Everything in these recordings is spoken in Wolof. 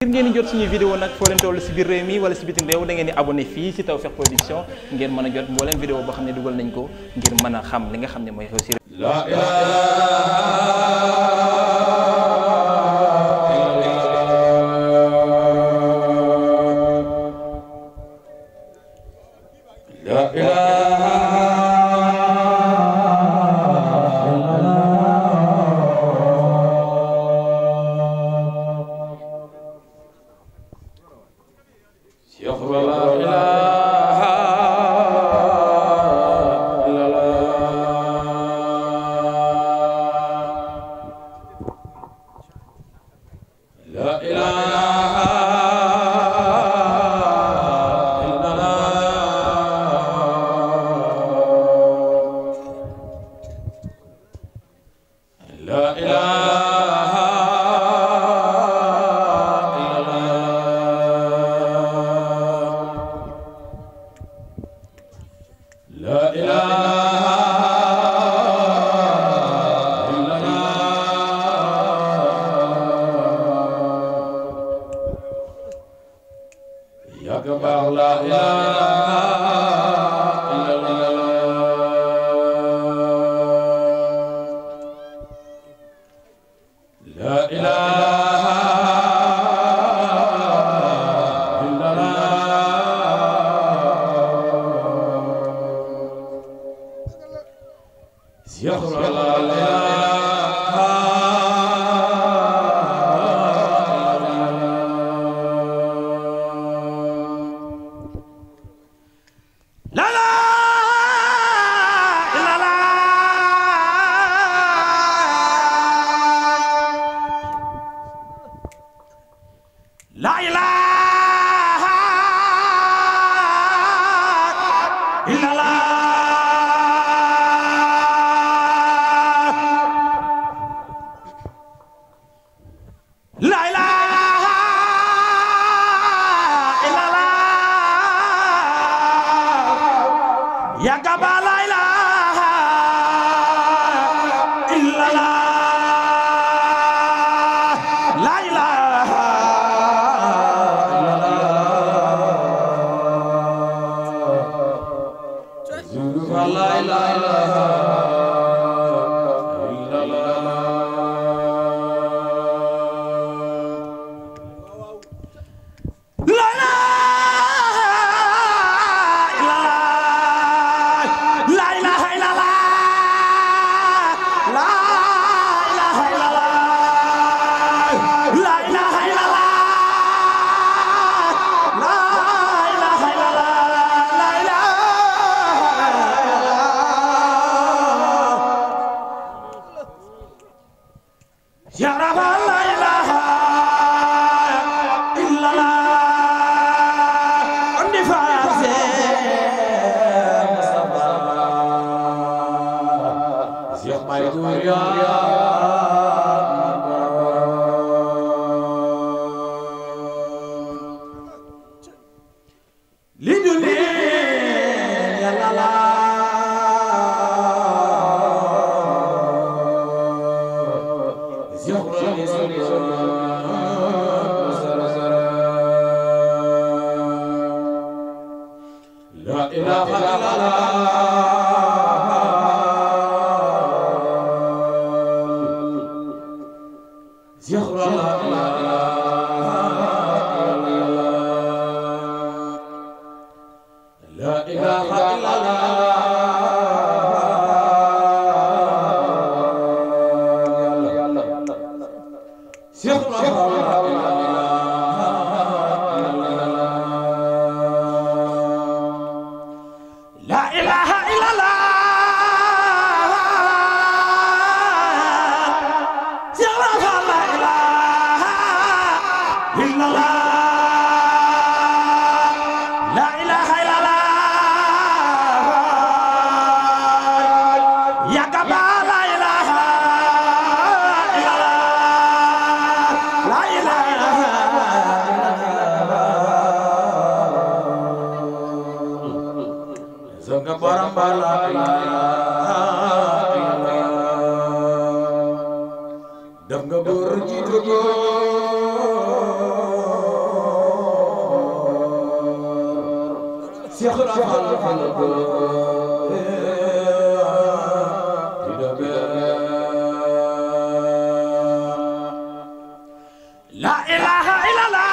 ngir ngeen jot suñuy vidéo nag foo leen toll si biir réew mi wala si bitim réew da ngeen di abonné fii si Tawfekh Production ngeen mën a jot mbooleem vidéo boo xam ne dugal nañ ko ngir mën xam li nga xam ne mooy xew si réew a la ilaha la ilaha زهرة ilaha illallah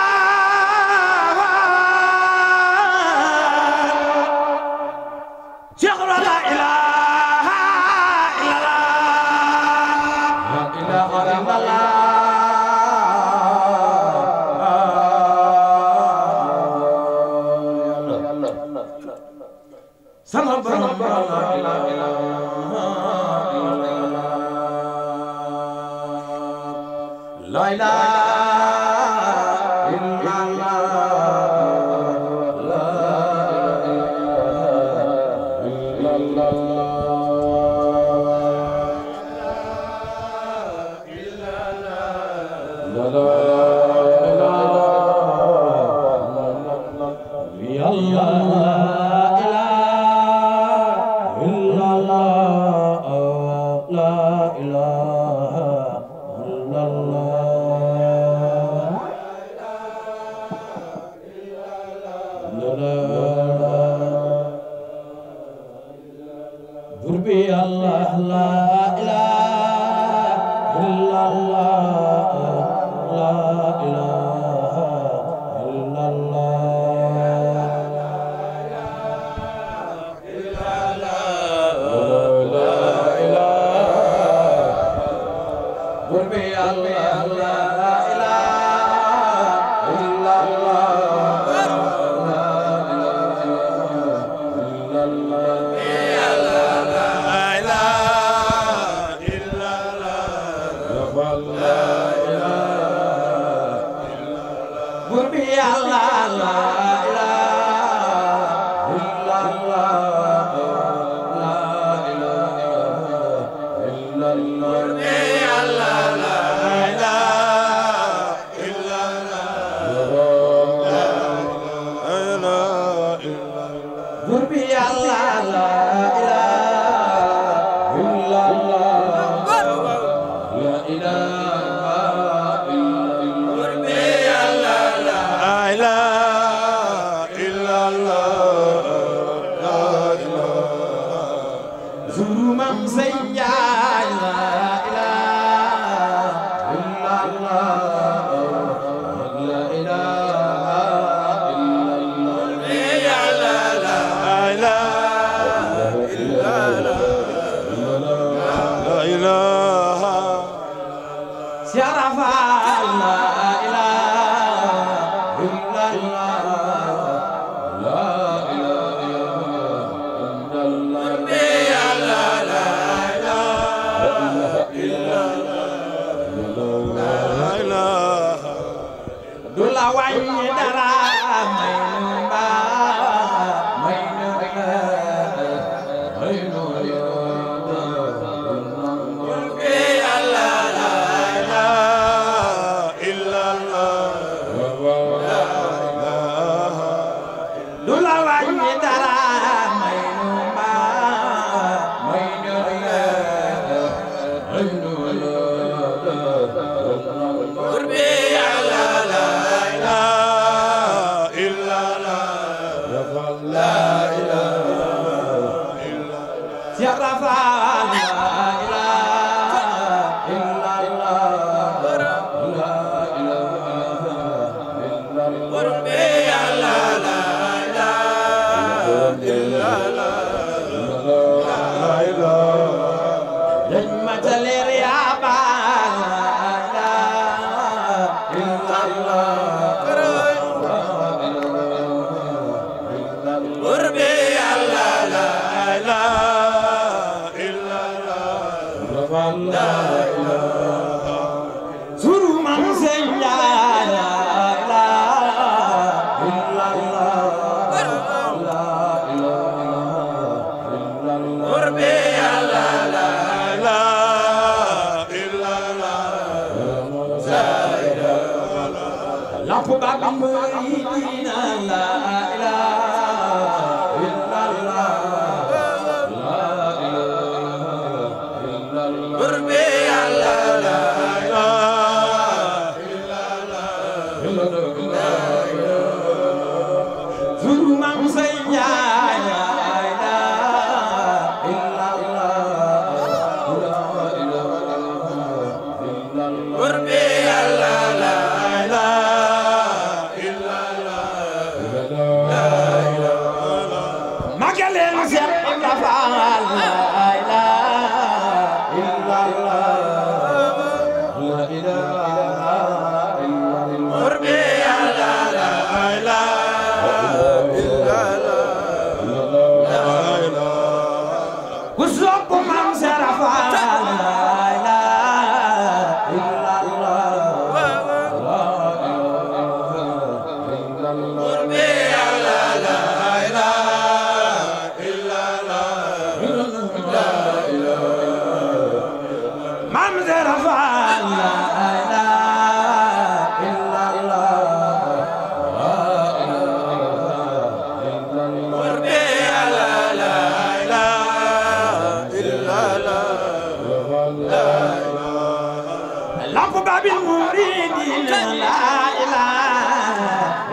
باب المريد لا إله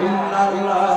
إلا الله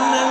إن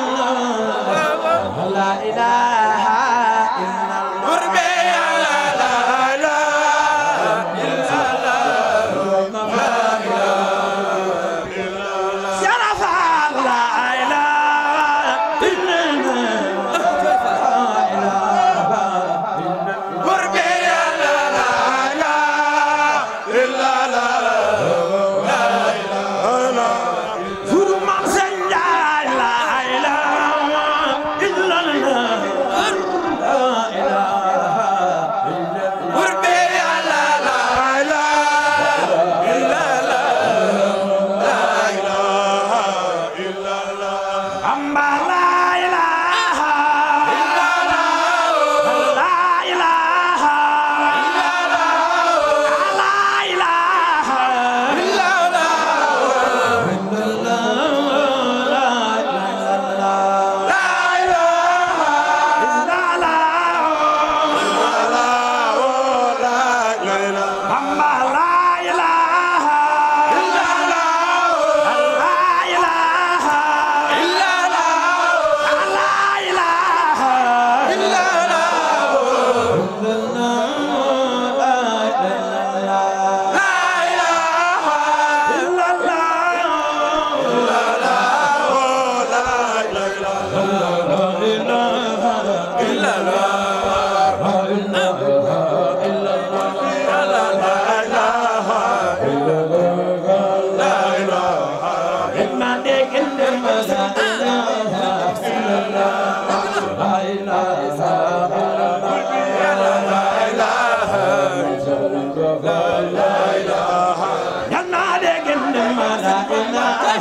la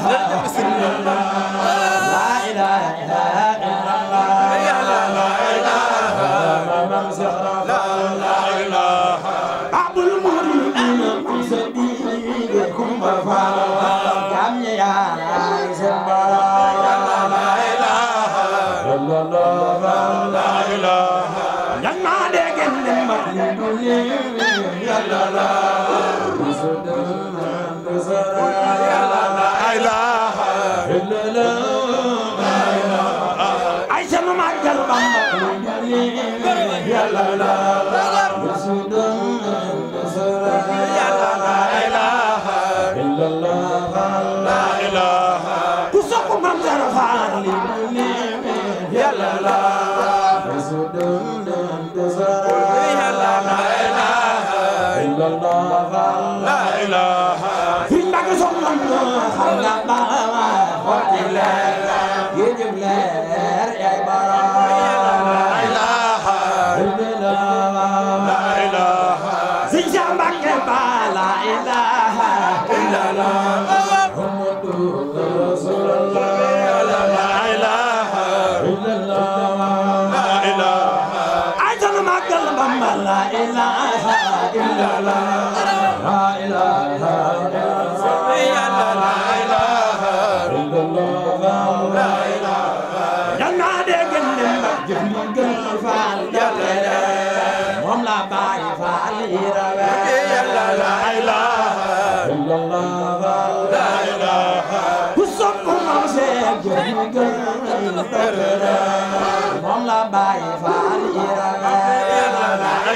la la ilaha illa allah ay sama magal Bamba yalla la Bye.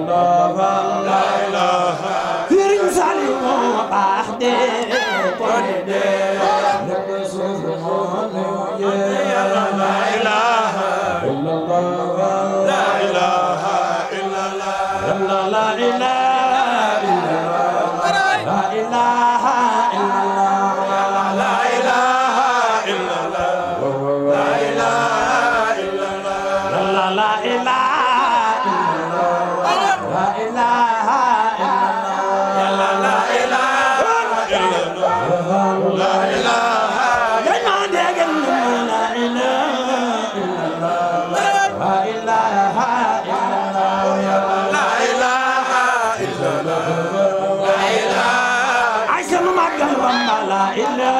الله إله